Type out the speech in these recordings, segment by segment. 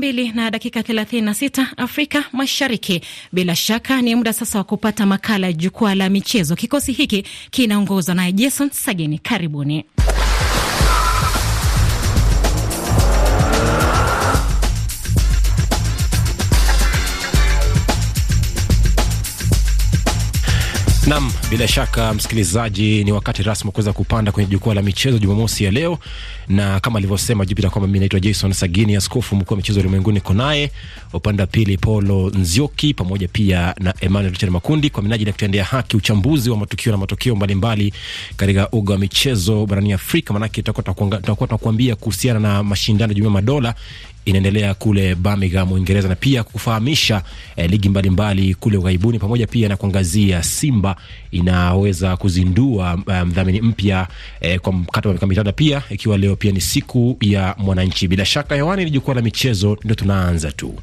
mbili na dakika 36 Afrika Mashariki. Bila shaka ni muda sasa wa kupata makala ya jukwaa la michezo. Kikosi hiki kinaongozwa naye Jason Sagini. Karibuni. Nam, bila shaka msikilizaji, ni wakati rasmi kuweza kupanda kwenye jukwaa la michezo Jumamosi ya leo, na kama alivyosema Jupita kwamba mi naitwa Jason Sagini, askofu mkuu wa michezo ulimwenguni konaye upande wa pili Paulo Nzioki pamoja pia na Emmanuel Richard Makundi kwa minajili ya kutendea haki uchambuzi wa matukio na matokeo mbalimbali katika uga wa michezo barani Afrika. Maanake tutakuwa tunakuambia kuhusiana na mashindano ya Jumuiya madola inaendelea kule Birmingham, Uingereza, na pia kufahamisha eh, ligi mbalimbali mbali kule ughaibuni, pamoja pia na kuangazia Simba inaweza kuzindua eh, mdhamini um, mpya eh, kwa mkataba wa miaka mitatu, pia ikiwa leo pia ni siku ya mwananchi. Bila shaka hewani ni jukwaa la michezo, ndio tunaanza tu.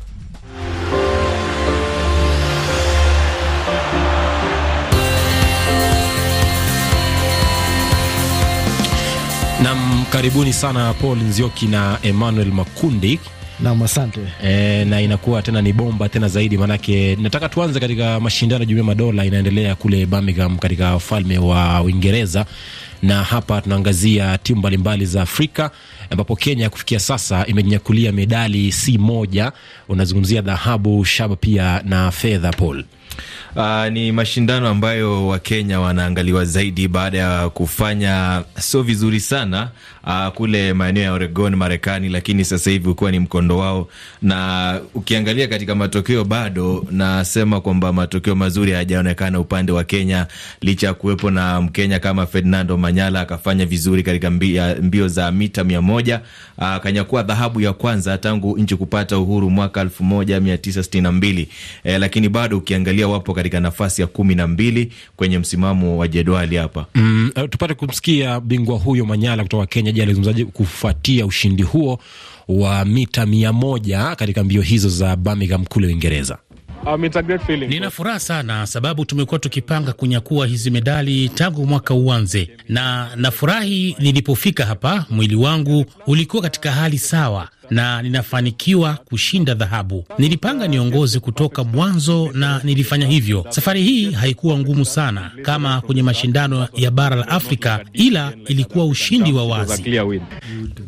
Nam, karibuni sana Paul Nzioki na Emmanuel Makundi Naam, asante e, na inakuwa tena ni bomba tena zaidi, maanake nataka tuanze katika mashindano ya jumuiya madola inaendelea kule Birmingham katika ufalme wa Uingereza, na hapa tunaangazia timu mbalimbali za Afrika ambapo Kenya kufikia sasa imejinyakulia medali si moja. Unazungumzia dhahabu, shaba pia na fedha, Paul. Uh, ni mashindano ambayo Wakenya wanaangaliwa zaidi baada ya kufanya sio vizuri sana uh, kule maeneo ya Oregon Marekani, lakini sasa hivi ukuwa ni mkondo wao, na ukiangalia katika matokeo bado nasema kwamba matokeo mazuri hayajaonekana upande wa Kenya, licha ya kuwepo na Mkenya kama Fernando Manyala akafanya vizuri katika mbio, mbio za mita mia moja ah, akanyakuwa uh, dhahabu ya kwanza tangu nchi kupata uhuru mwaka elfu moja mia tisa sitini 1962 eh, lakini bado ukiangalia wapo katika katika nafasi ya kumi na mbili kwenye msimamo wa jedwali hapa. Mm, eh, tupate kumsikia bingwa huyo Manyala kutoka Kenya. Je, alizungumzaje kufuatia ushindi huo wa mita mia moja katika mbio hizo za Birmingham kule Uingereza? Ah, Nina furaha sana sababu tumekuwa tukipanga kunyakua hizi medali tangu mwaka uanze, na nafurahi nilipofika hapa. Mwili wangu ulikuwa katika hali sawa, na ninafanikiwa kushinda dhahabu. Nilipanga niongozi kutoka mwanzo na nilifanya hivyo. Safari hii haikuwa ngumu sana kama kwenye mashindano ya bara la Afrika, ila ilikuwa ushindi wa wazi.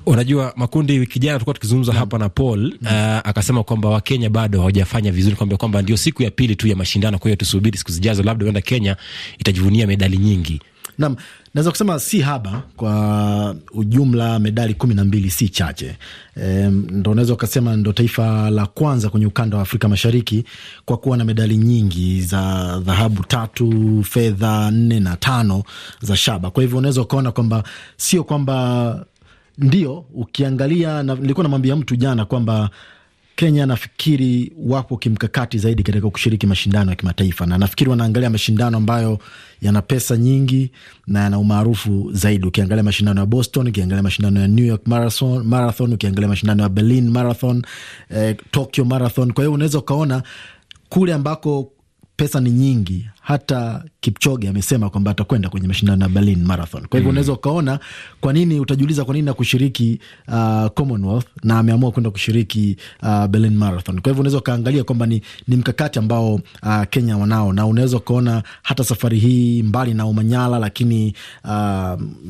Unajua, makundi, wiki jana tulikuwa tukizungumza hapa na Paul uh, akasema kwamba Wakenya bado hawajafanya vizuri, kwamba kwamba ndio siku ya pili tu ya mashindano, kwa hiyo tusubiri siku zijazo, labda huenda Kenya itajivunia medali nyingi. Nam, naweza kusema si haba kwa ujumla, medali kumi na mbili si chache e, ndo unaweza ukasema ndo taifa la kwanza kwenye ukanda wa Afrika Mashariki kwa kuwa na medali nyingi za dhahabu tatu, fedha nne na tano za shaba. Kwa hivyo unaweza ukaona kwamba sio kwamba ndio, ukiangalia na, nilikuwa namwambia mtu jana kwamba Kenya nafikiri wapo kimkakati zaidi katika kushiriki mashindano ya kimataifa, na nafikiri wanaangalia mashindano ambayo yana pesa nyingi na yana umaarufu zaidi. Ukiangalia mashindano ya Boston, ukiangalia mashindano ya New York Marathon, Marathon ukiangalia mashindano ya Berlin Marathon, eh, Tokyo Marathon. Kwa hiyo unaweza ukaona kule ambako pesa ni nyingi. Hata Kipchoge amesema kwamba atakwenda kwenye mashindano ya Berlin Marathon. Kwa hivyo mm, unaweza ukaona kwa nini, utajiuliza kwa nini akushiriki uh, Commonwealth na ameamua kwenda kushiriki uh, Berlin Marathon. Kwa hivyo unaweza ukaangalia kwamba ni, ni mkakati ambao uh, Kenya wanao, na unaweza ukaona hata safari hii mbali na Umanyala, lakini uh,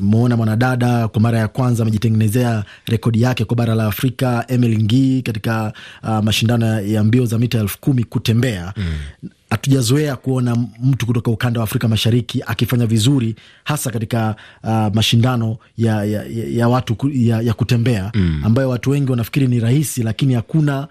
muona mwanadada kwa mara ya kwanza amejitengenezea rekodi yake kwa bara la Afrika, Emily Ngii katika uh, mashindano ya mbio za mita elfu kumi kutembea mm hatujazoea kuona mtu kutoka ukanda wa Afrika Mashariki akifanya vizuri hasa katika uh, mashindano ya, ya, ya watu ya, ya kutembea mm, ambayo watu wengi wanafikiri ni rahisi, lakini hakuna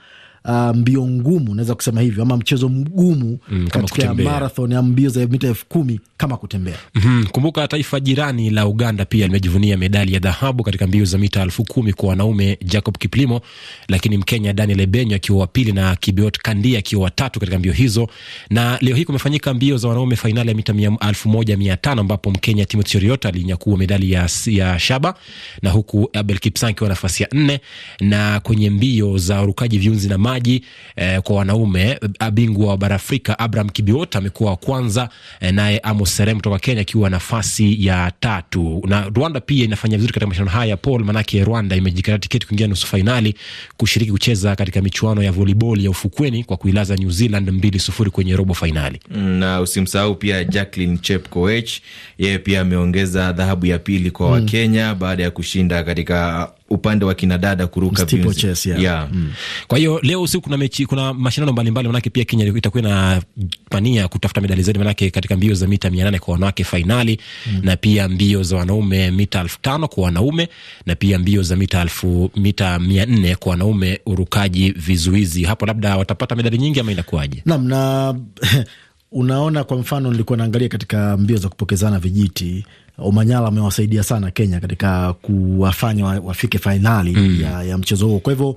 uh, mbio ngumu, naweza kusema hivyo, ama mchezo mgumu mm, katika ya marathon ya mbio za mita elfu kumi kama kutembea mm -hmm. Kumbuka taifa jirani la Uganda pia limejivunia medali ya dhahabu katika mbio za mita elfu kumi kwa wanaume, Jacob Kiplimo, lakini Mkenya Daniel Ebenyo akiwa wa pili na Kibiot Kandia akiwa wa tatu katika mbio hizo. Na leo hii kumefanyika mbio za wanaume fainali ya mita elfu moja mia tano ambapo Mkenya Timothy Cheruiyot alinyakua medali ya, ya shaba na huku Abel Kipsang akiwa nafasi ya nne na kwenye mbio za urukaji viunzi na maji maji eh, kwa wanaume, bingwa wa bara Afrika Abraham Kibiot amekuwa wa kwanza eh, naye Amos Serem kutoka Kenya akiwa nafasi ya tatu, na Rwanda pia inafanya vizuri katika mashindano haya Paul, manake Rwanda imejikata tiketi kuingia nusu fainali kushiriki kucheza katika michuano ya voliboli ya ufukweni kwa kuilaza New Zealand mbili sufuri kwenye robo fainali. Na usimsahau pia Jacqueline Chepkoech, yeye pia ameongeza dhahabu ya pili kwa hmm. Wakenya mm, baada ya kushinda katika upande wa kinadada kuruka chess, yeah. Yeah. Mm. Kwa hiyo leo usiku kuna mechi, kuna mashindano mbalimbali, manake pia Kenya itakuwa na pania kutafuta medali zaidi, manake katika mbio za mita mia nane kwa wanawake fainali mm. na pia mbio za wanaume mita elfu tano kwa wanaume na pia mbio za mita elfu mita mia nne kwa wanaume urukaji vizuizi. Hapo labda watapata medali nyingi ama inakuwaje? Naam na unaona, kwa mfano nilikuwa naangalia katika mbio za kupokezana vijiti Omanyala amewasaidia sana Kenya katika kuwafanya wafike fainali mm. ya, ya mchezo huo. Kwa hivyo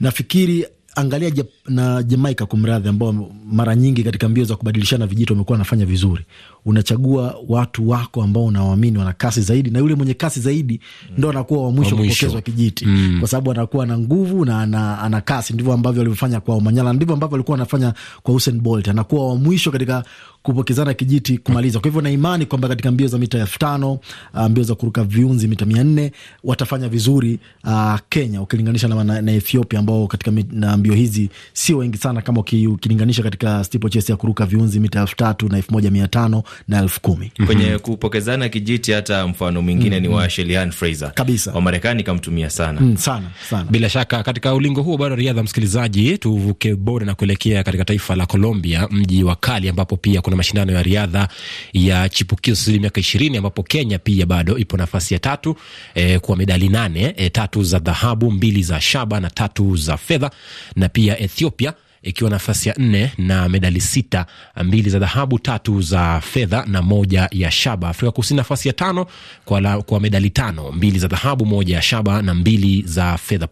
nafikiri angalia na Jamaika kumradhi, ambao mara nyingi katika mbio za kubadilishana vijito wamekuwa wanafanya vizuri. Unachagua watu wako ambao unawaamini wana kasi zaidi, na yule mwenye kasi zaidi ndo anakuwa wa mwisho kupokezwa kijiti mm, kwa sababu anakuwa na nguvu na ana, ana kasi. Ndivyo ambavyo walivyofanya kwa Omanyala, ndivyo ambavyo walikuwa wanafanya kwa Usain Bolt, anakuwa wa mwisho katika kupokezana kijiti kumaliza. Kwa hivyo na imani kwamba katika mbio za mita elfu tano ah, mbio za kuruka viunzi mita mia nne watafanya vizuri uh, Kenya ukilinganisha na, na Ethiopia ambao katika mbio hizi sio wengi sana kama ukilinganisha katika steeplechase ya kuruka viunzi mita elfu tatu na elfu moja mia tano na elfu kumi mhm. kwenye kupokezana kijiti. Hata mfano mwingine mm -hmm. ni wa mhm. Shelian Fraser kabisa, wa Marekani, kamtumia sana. Mm, sana sana. Bila shaka katika ulingo huo bado riadha, msikilizaji, tuvuke bore na kuelekea katika taifa la Colombia, mji wa Cali, ambapo pia kuna mashindano ya riadha ya chipukio sisi miaka ishirini ambapo Kenya pia bado ipo nafasi ya tatu eh, kwa medali nane eh, tatu za dhahabu, mbili za shaba na tatu za fedha na pia Ethiopia Ethiopia ikiwa nafasi ya nne na medali sita, mbili za dhahabu, tatu za fedha na moja ya shaba. Afrika Kusini nafasi ya tano kwa, la, kwa medali tano, mbili za dhahabu, moja ya shaba na mbili za fedha.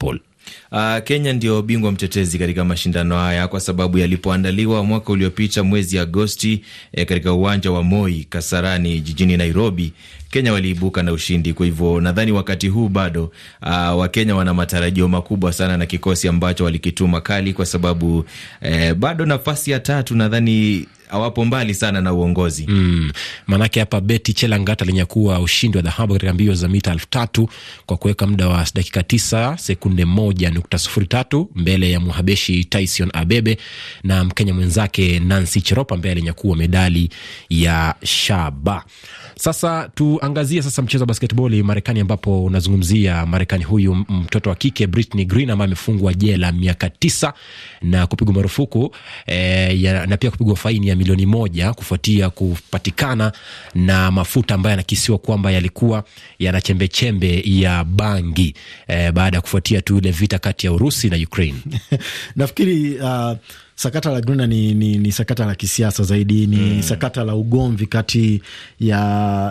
Uh, Kenya ndio bingwa mtetezi katika mashindano haya kwa sababu yalipoandaliwa mwaka uliopita mwezi Agosti eh, katika uwanja wa Moi Kasarani jijini Nairobi, Kenya waliibuka na ushindi. Kwa hivyo nadhani wakati huu bado uh, ah, Wakenya wana matarajio makubwa sana na kikosi ambacho walikituma kali, kwa sababu eh, bado nafasi ya tatu nadhani hawapo mbali sana na uongozi mm. Manake hapa Beti Chelangat alinyakua ushindi wa dhahabu katika mbio za mita elfu tatu kwa kuweka muda wa dakika tisa sekunde moja nukta sufuri tatu mbele ya Muhabeshi Tyson Abebe na Mkenya mwenzake Nancy Cherop ambaye alinyakua medali ya shaba. Sasa tuangazie sasa mchezo wa basketboli Marekani, ambapo unazungumzia Marekani huyu mtoto wa kike Britney Green ambaye amefungwa jela miaka tisa na kupigwa marufuku eh, na pia kupigwa faini ya milioni moja kufuatia kupatikana na mafuta ambayo yanakisiwa kwamba yalikuwa yana chembechembe ya bangi eh, baada ya kufuatia tu ile vita kati ya Urusi na Ukraine. Nafikiri uh, sakata la Gruna ni, ni, ni sakata la kisiasa zaidi, ni mm. sakata la ugomvi kati ya,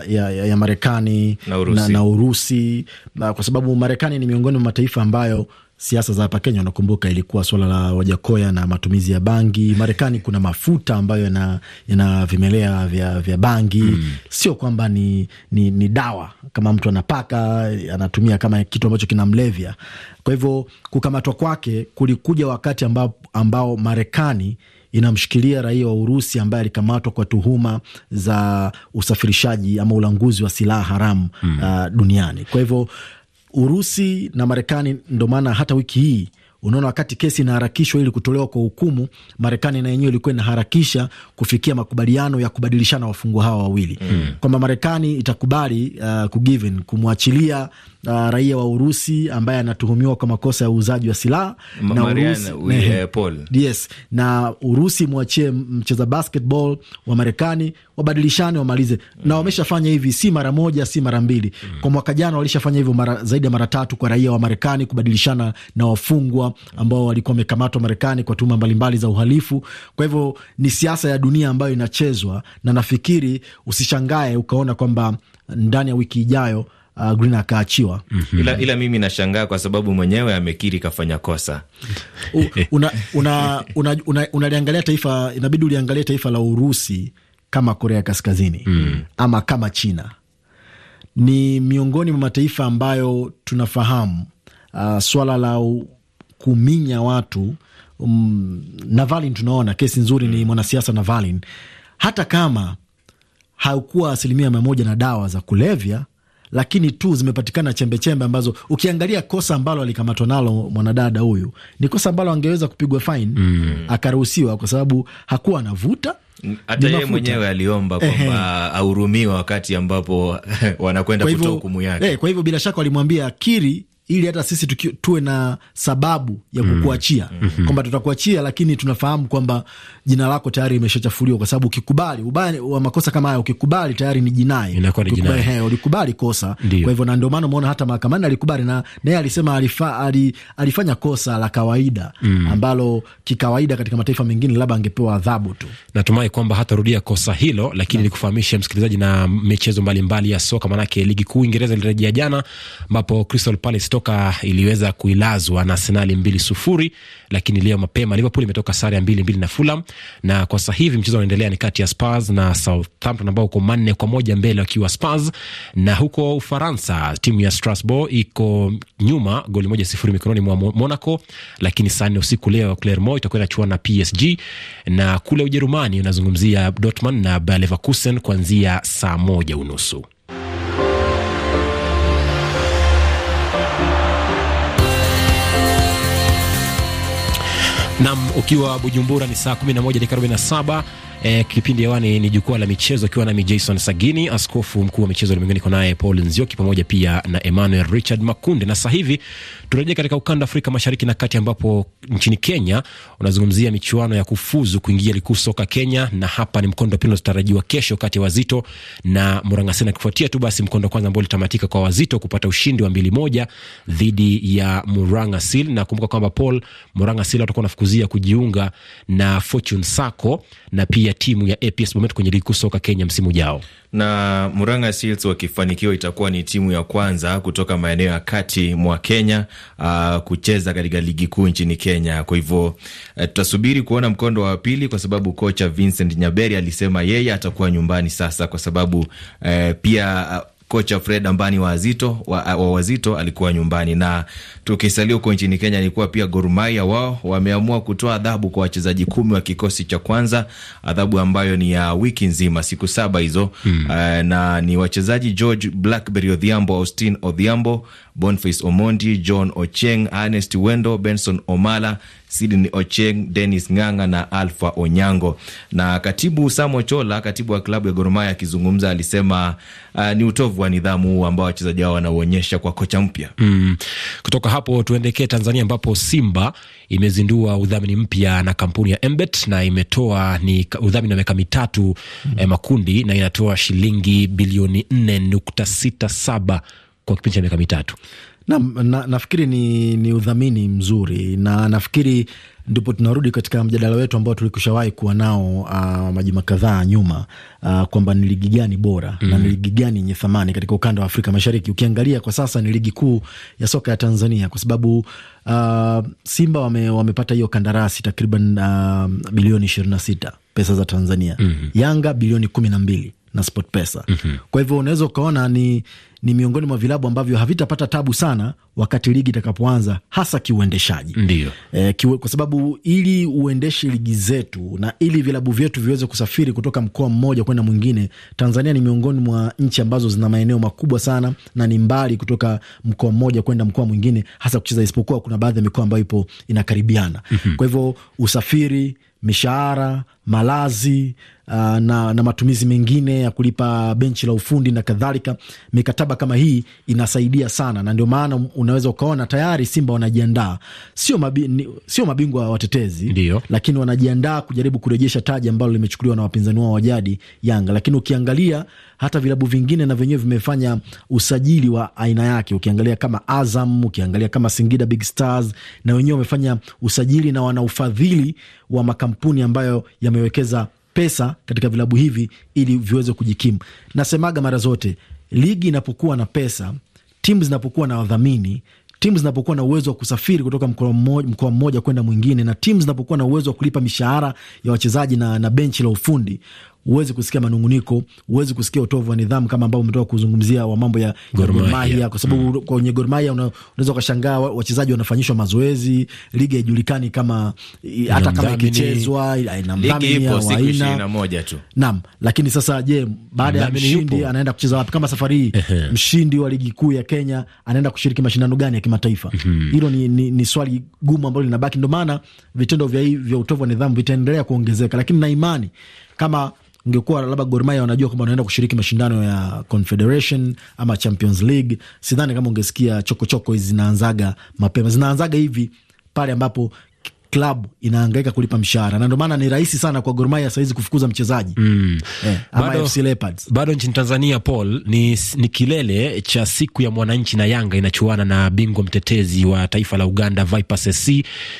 ya, ya Marekani na Urusi, na, na Urusi na, kwa sababu Marekani ni miongoni mwa mataifa ambayo siasa za hapa Kenya, unakumbuka ilikuwa swala la Wajakoya na matumizi ya bangi. Marekani kuna mafuta ambayo yana, yana vimelea vya, vya bangi mm. Sio kwamba ni, ni, ni dawa kama mtu anapaka anatumia kama kitu ambacho kinamlevya. Kwa hivyo kukamatwa kwake kulikuja wakati ambao, ambao Marekani inamshikilia raia wa Urusi ambaye alikamatwa kwa tuhuma za usafirishaji ama ulanguzi wa silaha haramu mm. uh, duniani. Kwa hivyo Urusi na Marekani. Ndo maana hata wiki hii unaona wakati kesi inaharakishwa ili kutolewa kwa hukumu, Marekani na yenyewe ilikuwa inaharakisha kufikia makubaliano ya kubadilishana wafungwa hawa wawili mm. kwamba Marekani itakubali uh, kugiven kumwachilia uh, raia wa Urusi ambaye anatuhumiwa kwa makosa ya uuzaji wa silaha na Urusi, uh, Yes, na Urusi mwachie mcheza basketball wa Marekani wabadilishane wamalize mm. na wameshafanya hivi, si mara moja, si mara mbili mm. kwa mwaka jana walishafanya hivyo mara, zaidi ya mara tatu kwa raia wa Marekani kubadilishana na wafungwa ambao walikuwa wamekamatwa Marekani kwa tuhuma mbalimbali za uhalifu. Kwa hivyo ni siasa ya dunia ambayo inachezwa, na nafikiri usishangae ukaona kwamba ndani ya wiki ijayo uh, Green akaachiwa. mm -hmm. Ila, ila mimi nashangaa kwa sababu mwenyewe amekiri kafanya kosa. Unaliangalia una, una, una taifa, inabidi uliangalia taifa la Urusi kama Korea Kaskazini mm. ama kama China ni miongoni mwa mataifa ambayo tunafahamu uh, swala la kuminya watu um, Navalin tunaona kesi nzuri ni mm. mwanasiasa Navalin, hata kama haukuwa asilimia mia moja na dawa za kulevya, lakini tu zimepatikana chembechembe ambazo ukiangalia kosa ambalo alikamatwa nalo mwanadada huyu ni kosa ambalo angeweza kupigwa faini mm. akaruhusiwa kwa sababu hakuwa anavuta hata yeye mwenyewe aliomba kwamba ahurumiwa wakati ambapo wanakwenda kutoa hukumu yake. Eh, kwa hivyo bila shaka walimwambia kiri ili hata sisi tuki, tuwe na sababu ya kukuachia mm -hmm. kwamba tutakuachia, lakini tunafahamu kwamba jina lako tayari imeshachafuliwa, kwa sababu ukikubali ubaya wa makosa kama haya, ukikubali tayari ni jinai, Ulikubali kosa Dio. Kwa hivyo na ndio maana umeona hata mahakamani alikubali, na naye alisema alifa, ali, alifanya kosa la kawaida mm. ambalo kikawaida katika mataifa mengine labda angepewa adhabu tu. Natumai kwamba hatarudia kosa hilo, lakini nikufahamishe msikilizaji na michezo mbalimbali mbali ya soka, maanake ligi kuu Uingereza ilirejea jana ambapo Crystal Palace soka iliweza kuilazwa na Arsenali mbili sufuri, lakini leo mapema Liverpool imetoka sare ya mbili mbili na Fulham, na kwa sasa hivi mchezo unaendelea ni kati ya Spurs na Southampton ambao uko manne kwa moja mbele wakiwa Spurs. Na huko Ufaransa timu ya Strasbourg iko nyuma goli moja sifuri mikononi mwa Monaco, lakini saa nne usiku leo Clermont itakuwa inachuana na PSG, na kule Ujerumani unazungumzia Dortmund na Bayer Leverkusen kuanzia saa moja unusu. Nam ukiwa Bujumbura ni saa 11 dakika 47 eh, kipindi hewani ni jukwaa la michezo ikiwa nami Jason Sagini, askofu mkuu wa michezo ulimwenguni, kwa naye Paul Nzioki pamoja pia na Emmanuel Richard Makunde. Na sasa hivi turejea katika ukanda Afrika Mashariki na Kati, ambapo nchini Kenya unazungumzia michuano ya kufuzu kuingia ligi kuu soka Kenya, na hapa ni mkondo wa pili unaotarajiwa kesho kati ya Wazito na Murang'aseni, kufuatia tu basi mkondo wa kwanza ambao ulitamatika kwa Wazito kupata ushindi wa mbili moja dhidi ya Murang'asil. Na kumbuka kwamba Paul, Murang'asil watakuwa wanafukuzia kujiunga na Fortune Sacco na pia ya timu ya APS Bomet kwenye ligi kuu soka Kenya msimu ujao. Na Murang'a Seals wakifanikiwa, itakuwa ni timu ya kwanza kutoka maeneo ya kati mwa Kenya uh, kucheza katika ligi kuu nchini Kenya. Kwa hivyo uh, tutasubiri kuona mkondo wa pili, kwa sababu kocha Vincent Nyaberi alisema yeye atakuwa nyumbani sasa, kwa sababu uh, pia kocha Fred Ambani wa Wazito, wa, wa Wazito alikuwa nyumbani. Na tukisalia huko nchini Kenya, alikuwa pia Gor Mahia wao wameamua kutoa adhabu kwa wachezaji kumi wa kikosi cha kwanza, adhabu ambayo ni ya wiki nzima, siku saba hizo hmm. Uh, na ni wachezaji George Blackberry Odhiambo, Austin Odhiambo, Boniface Omondi, John Ocheng, Ernest Wendo, Benson Omala Sidney Ocheng, denis Ng'ang'a na alfa Onyango. Na katibu Samuel Chola, katibu wa klabu ya Gor Mahia, akizungumza alisema uh, ni utovu wa nidhamu huu ambao wachezaji hao wanauonyesha kwa kocha mpya mm. Kutoka hapo tuendekee Tanzania ambapo Simba imezindua udhamini mpya na kampuni ya Embet na imetoa ni udhamini wa miaka mitatu mm. eh, makundi na inatoa shilingi bilioni 467 kwa kipindi cha miaka mitatu. Na, na, nafikiri ni, ni udhamini mzuri na nafikiri ndipo tunarudi katika mjadala wetu ambao tulikushawahi kuwa nao uh, ah, majuma kadhaa nyuma uh, kwamba ni ligi gani bora mm na mm-hmm. ni ligi gani yenye thamani katika ukanda wa Afrika Mashariki. Ukiangalia kwa sasa ni ligi kuu ya soka ya Tanzania kwa sababu uh, Simba wame, wamepata hiyo kandarasi takriban uh, bilioni ishirini na sita pesa za Tanzania mm -hmm. Yanga bilioni kumi na mbili na Sport Pesa mm -hmm. Kwa hivyo unaweza ukaona ni ni miongoni mwa vilabu ambavyo havitapata tabu sana wakati ligi itakapoanza, hasa kiuendeshaji. Ndio e, kiwe, kwa sababu ili uendeshe ligi zetu na ili vilabu vyetu viweze kusafiri kutoka mkoa mmoja kwenda mwingine, Tanzania ni miongoni mwa nchi ambazo zina maeneo makubwa sana na ni mbali kutoka mkoa mmoja kwenda mkoa mwingine, hasa kucheza, isipokuwa kuna baadhi ya mikoa ambayo ipo inakaribiana. mm -hmm. Kwa hivyo usafiri mishahara malazi uh, na, na matumizi mengine ya kulipa benchi la ufundi na kadhalika. Mikataba kama hii inasaidia sana, na ndio maana unaweza ukaona tayari Simba wanajiandaa, sio mabi, sio mabingwa watetezi ndio, lakini wanajiandaa kujaribu kurejesha taji ambalo limechukuliwa na wapinzani wao wa jadi Yanga. Lakini ukiangalia hata vilabu vingine na vyenyewe vimefanya usajili wa aina yake, ukiangalia kama Azam, ukiangalia kama Singida Big Stars, na wenyewe wamefanya usajili na wana ufadhili wa makampuni ambayo yame wamewekeza pesa katika vilabu hivi ili viweze kujikimu. Nasemaga mara zote, ligi inapokuwa na pesa, timu zinapokuwa na wadhamini timu zinapokuwa na uwezo wa kusafiri kutoka mkoa mmoja kwenda mwingine, na timu zinapokuwa na uwezo wa kulipa mishahara ya wachezaji na, na benchi la ufundi, huwezi kusikia manunguniko, huwezi kusikia utovu wa nidhamu kama ambao umetoka kuzungumzia wa mambo ya Gormahia, kwa sababu mm, kwenye Gormahia unaweza ukashangaa wachezaji wanafanyishwa mazoezi, ligi haijulikani kama hata kama ikichezwa ina mdhamini au aina moja tu. Naam, lakini sasa je, baada ya mshindi yupo, anaenda kucheza wapi? Kama safari hii mshindi wa ligi kuu ya Kenya anaenda kushiriki mashindano gani ya kimataifa? Mhm. Hilo ni, ni, ni swali gumu ambalo linabaki. Ndio maana vitendo vya, vya utovu wa nidhamu vitaendelea kuongezeka, lakini na imani kama ingekuwa labda Gor Mahia wanajua kwamba wanaenda kushiriki mashindano ya Confederation ama Champions League, sidhani kama ungesikia chokochoko hizi zinaanzaga mapema. Zinaanzaga hivi pale ambapo klabu inaangaika kulipa mshahara na ndio maana ni rahisi sana kwa Gor Mahia sahizi kufukuza mchezaji mm. Eh, bado, FC Leopards bado nchini Tanzania Paul ni, ni kilele cha siku ya mwananchi na Yanga inachuana na bingwa mtetezi wa taifa la Uganda Vipers SC.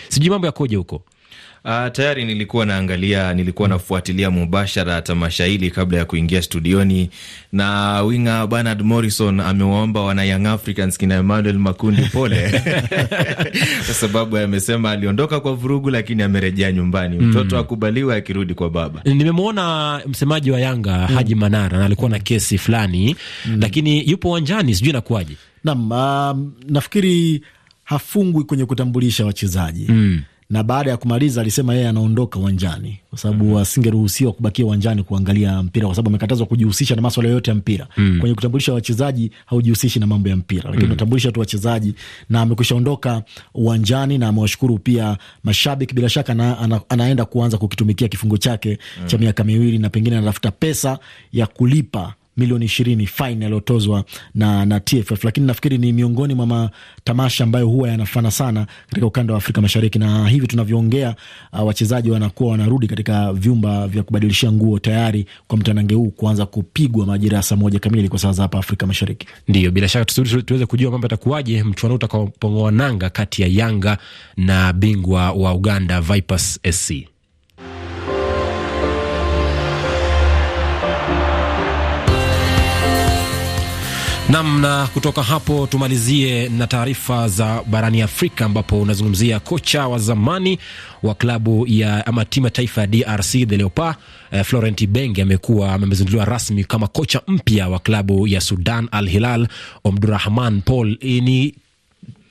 Sijui mambo yakoje huko Uh, tayari nilikuwa naangalia, nilikuwa nafuatilia mubashara tamasha hili kabla ya kuingia studioni, na winga Bernard Morrison amewaomba wana Young Africans kina Emmanuel Makundi pole kwa sababu amesema aliondoka kwa vurugu, lakini amerejea nyumbani. Mtoto mm. akubaliwa akirudi kwa baba. Nimemwona msemaji wa Yanga mm. Haji Manara na alikuwa na kesi fulani mm. lakini yupo uwanjani, sijui nakuwaje. Naam, uh, nafikiri hafungwi kwenye kutambulisha wachezaji mm na baada ya kumaliza alisema yeye anaondoka uwanjani kwa sababu mm -hmm. asingeruhusiwa kubakia uwanjani kuangalia mpira kwa sababu amekatazwa kujihusisha na maswala yoyote ya mpira mm -hmm. kwenye kutambulisha wachezaji haujihusishi na mambo ya mpira, lakini mm -hmm. utambulisha tu wachezaji, na amekwisha ondoka uwanjani na amewashukuru pia mashabiki. Bila shaka na, ana, anaenda kuanza kukitumikia kifungo chake mm -hmm. cha miaka miwili na pengine anatafuta pesa ya kulipa milioni ishirini fain aliyotozwa na, na TFF, lakini nafikiri ni miongoni mwa matamasha ambayo huwa yanafana sana katika ukanda wa Afrika Mashariki, na hivi tunavyoongea, uh, wachezaji wanakuwa wanarudi katika vyumba vya kubadilishia nguo tayari kwa mtanange huu kuanza kupigwa majira ya saa moja kamili kwa saa za hapa Afrika Mashariki. Ndio, bila shaka tusudi tuweze kujua mambo yatakuwaje, mchuano utakapongoa nanga kati ya Yanga na bingwa wa Uganda Vipers SC. Nam, na kutoka hapo tumalizie na taarifa za barani Afrika, ambapo unazungumzia kocha wa zamani wa klabu ya ama timu ya taifa ya DRC the Leopards eh, Florent Ibenge amekuwa amezinduliwa rasmi kama kocha mpya wa klabu ya Sudan Al Hilal. Omdurahman Paul eh, ni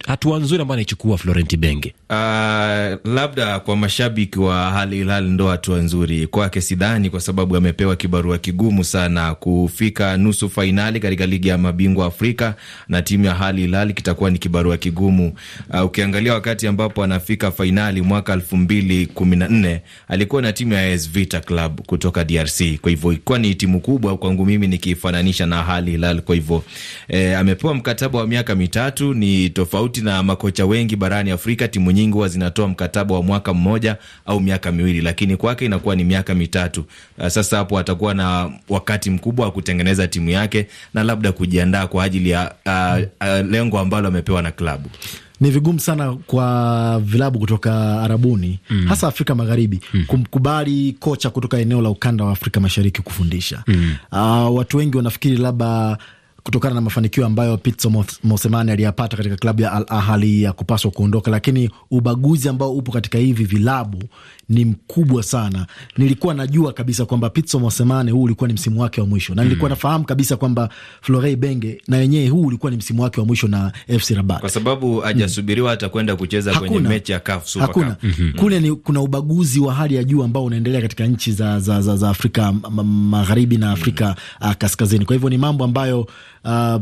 hatua nzuri ambayo anaichukua Florenti Benge. Uh, ah, labda kwa mashabiki wa Al Hilal ndo hatua nzuri kwake, sidhani, kwa sababu amepewa kibarua kigumu sana kufika nusu fainali katika ligi ya mabingwa Afrika na timu ya Al Hilal kitakuwa ni kibarua kigumu. Uh, ukiangalia wakati ambapo anafika fainali mwaka elfu mbili kumi na nne alikuwa na timu ya AS Vita Club kutoka DRC, kwa hivyo ikuwa ni timu kubwa kwangu mimi nikifananisha na Al Hilal. Kwa hivyo eh, amepewa mkataba wa miaka mitatu, ni tofauti tofauti na makocha wengi barani Afrika, timu nyingi huwa zinatoa mkataba wa mwaka mmoja au miaka miwili, lakini kwake inakuwa ni miaka mitatu. Uh, sasa hapo atakuwa na wakati mkubwa wa kutengeneza timu yake na labda kujiandaa kwa ajili ya uh, uh, lengo ambalo amepewa na klabu ni vigumu sana kwa vilabu kutoka Arabuni mm. hasa Afrika Magharibi mm. kumkubali kocha kutoka eneo la ukanda wa Afrika Mashariki kufundisha mm. Uh, watu wengi wanafikiri labda kutokana na mafanikio ambayo Pitso Mosemani aliyapata katika klabu ya Al ya kupaswa kuondoka, lakini ubaguzi ambao upo katika hivi vilabu ni mkubwa sana. Nilikuwa najua kabisa kwamba Pitso Mosemane huu ulikuwa ni msimu wake wa mwisho, na nilikuwa mm. nafahamu kabisa kwamba Florei Benge na yenyewe huu ulikuwa ni msimu wake wa mwisho na FC Rabat, kwa sababu mm. hajasubiriwa hata kwenda kucheza kwenye mechi ya CAF Super Cup. Mm-hmm. Mm-hmm. Kule ni kuna ubaguzi wa hali ya juu ambao unaendelea katika nchi za, za, za, za Afrika Magharibi na Afrika mm. uh, Kaskazini. Kwa hivyo ni mambo ambayo uh,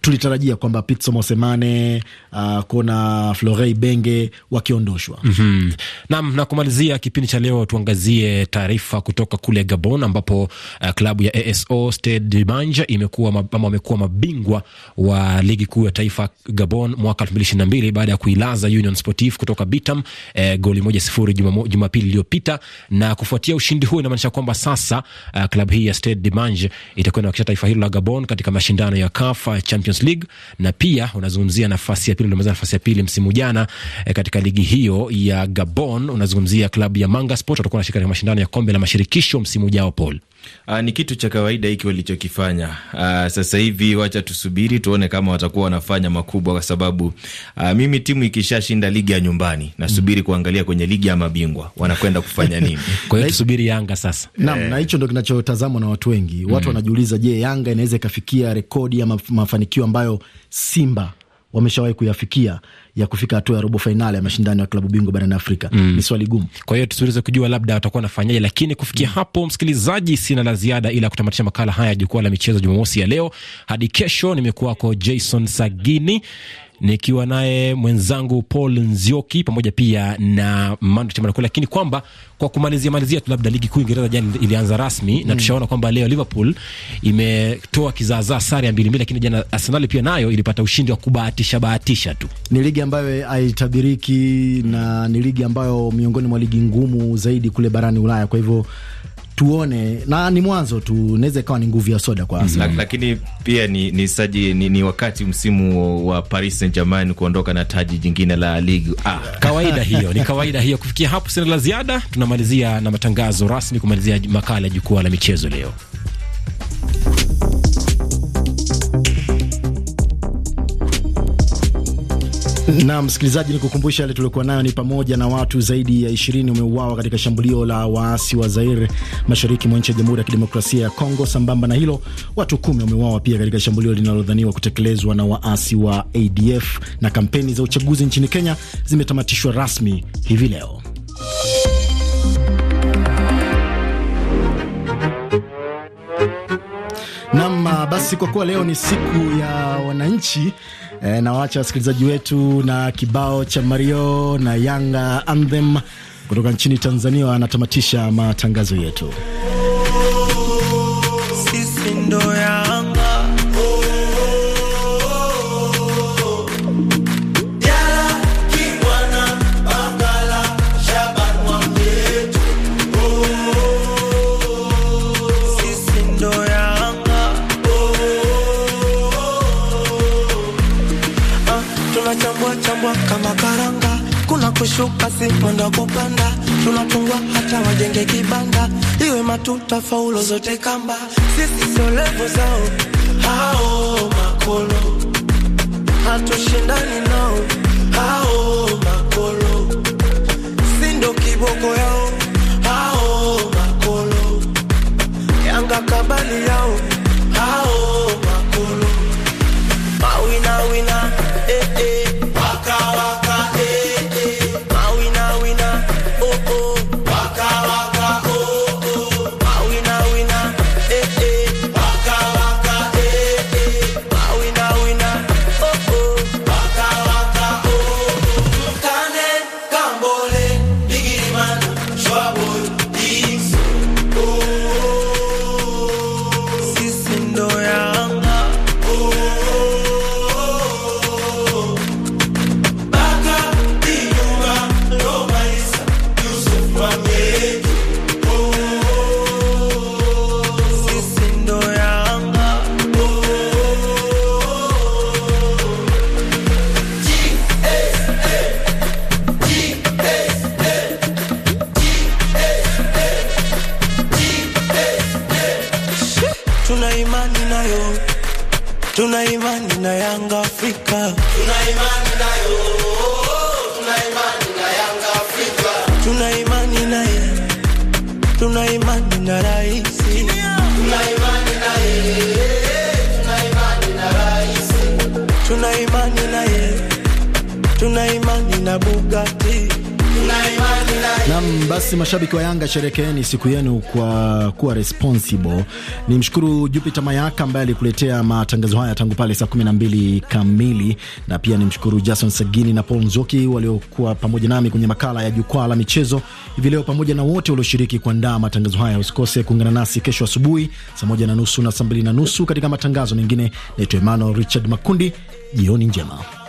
tulitarajia kwamba Pitso Mosemane uh, kuna Florei Benge wakiondoshwa. mm -hmm. Nam, na kumalizia kipindi cha leo, tuangazie taarifa kutoka kule Gabon ambapo uh, klabu ya ASO Stade du Banja imekuwa ama wamekuwa mabingwa wa ligi kuu ya taifa Gabon mwaka elfu mbili ishirini na mbili baada ya kuilaza Union Sportif kutoka Bitam eh, goli moja sifuri Jumapili iliyopita, na kufuatia ushindi huo inamaanisha kwamba sasa uh, klabu hii ya Stade du Banja itakuwa inawakilisha taifa hilo la Gabon katika mashindano ya Kafa Champions League na pia unazungumzia nafasi ya pili, ndio nafasi ya pili msimu jana eh, katika ligi hiyo ya Gabon. Unazungumzia klabu ya Manga Sport watakuwa wanashiriki katika mashindano ya kombe la mashirikisho msimu ujao Paul. Uh, ni kitu cha kawaida hiki walichokifanya. Uh, sasa hivi wacha tusubiri tuone kama watakuwa wanafanya makubwa, kwa sababu uh, mimi timu ikishashinda ligi ya nyumbani nasubiri mm. kuangalia kwenye ligi ya mabingwa wanakwenda kufanya nini. Kwa hiyo tusubiri Yanga sasa. Naam, na hicho ndio kinachotazamwa na watu wengi. Watu mm. wanajiuliza, je, Yanga inaweza ikafikia rekodi ya maf mafanikio ambayo Simba wameshawahi kuyafikia ya kufika hatua ya robo fainali ya mashindano ya klabu bingwa barani Afrika. Mm. Ni swali gumu, kwa hiyo tusiweze kujua labda watakuwa wanafanyaje, lakini kufikia mm, hapo msikilizaji, sina la ziada ila kutamatisha makala haya ya jukwaa la michezo Jumamosi ya leo. Hadi kesho, nimekuwako Jason Sagini nikiwa naye mwenzangu Paul Nzioki pamoja pia na Mando Chamanaku, lakini kwamba kwa kumalizia malizia tu labda ligi kuu Ingereza jana ilianza rasmi na mm. tushaona kwamba leo Liverpool imetoa kizaazaa sare ya mbili mbili, lakini jana Arsenal pia nayo ilipata ushindi wa kubahatisha bahatisha tu. Ni ligi ambayo haitabiriki na ni ligi ambayo miongoni mwa ligi ngumu zaidi kule barani Ulaya, kwa hivyo tuone, na ni mwanzo tu, naweza ikawa ni nguvu ya soda kwa mm-hmm. Arsenal mm -hmm. Lakini pia ni ni, saji, ni ni wakati msimu wa Paris Saint-Germain kuondoka na taji jingine la Ligue ah. Kawaida hiyo ni kawaida hiyo. Kufikia hapo sina la ziada, tunamalizia na matangazo rasmi kumalizia makala ya jukwaa la michezo leo. Na msikilizaji, ni kukumbusha yale tuliokuwa nayo ni pamoja na watu zaidi ya 20 wameuawa katika shambulio la waasi wa Zaire mashariki mwa nchi ya Jamhuri ya Kidemokrasia ya Kongo. Sambamba na hilo, watu kumi wameuawa pia katika shambulio linalodhaniwa kutekelezwa na waasi wa ADF. Na kampeni za uchaguzi nchini Kenya zimetamatishwa rasmi hivi leo. Nam, basi kwa kuwa leo ni siku ya wananchi E, eh, nawaacha wasikilizaji wetu na kibao cha Mario na Yanga Anthem kutoka nchini Tanzania. wanatamatisha matangazo yetu. kushuka si kwenda kupanda, tunatungwa hata wajenge kibanda, iwe matuta faulo zote kamba, sisi sio levo zao hao makolo, hatushindani nao hao makolo, sindo kiboko yao hao makolo, Yanga kabali yao hao makolo, wina. man, na Basi mashabiki wa Yanga, sherekeeni siku yenu kwa kuwa responsible. Ni mshukuru Jupiter Mayaka ambaye alikuletea matangazo haya tangu pale saa 12 kamili, na pia ni mshukuru Jason Sagini na Paul Nzoki waliokuwa pamoja nami kwenye makala ya jukwaa la michezo hivi leo, pamoja na wote walioshiriki kuandaa matangazo haya. Usikose kuungana nasi kesho asubuhi saa moja na nusu na saa mbili na nusu katika matangazo mengine. Naitwa Emmanuel Richard Makundi, jioni njema.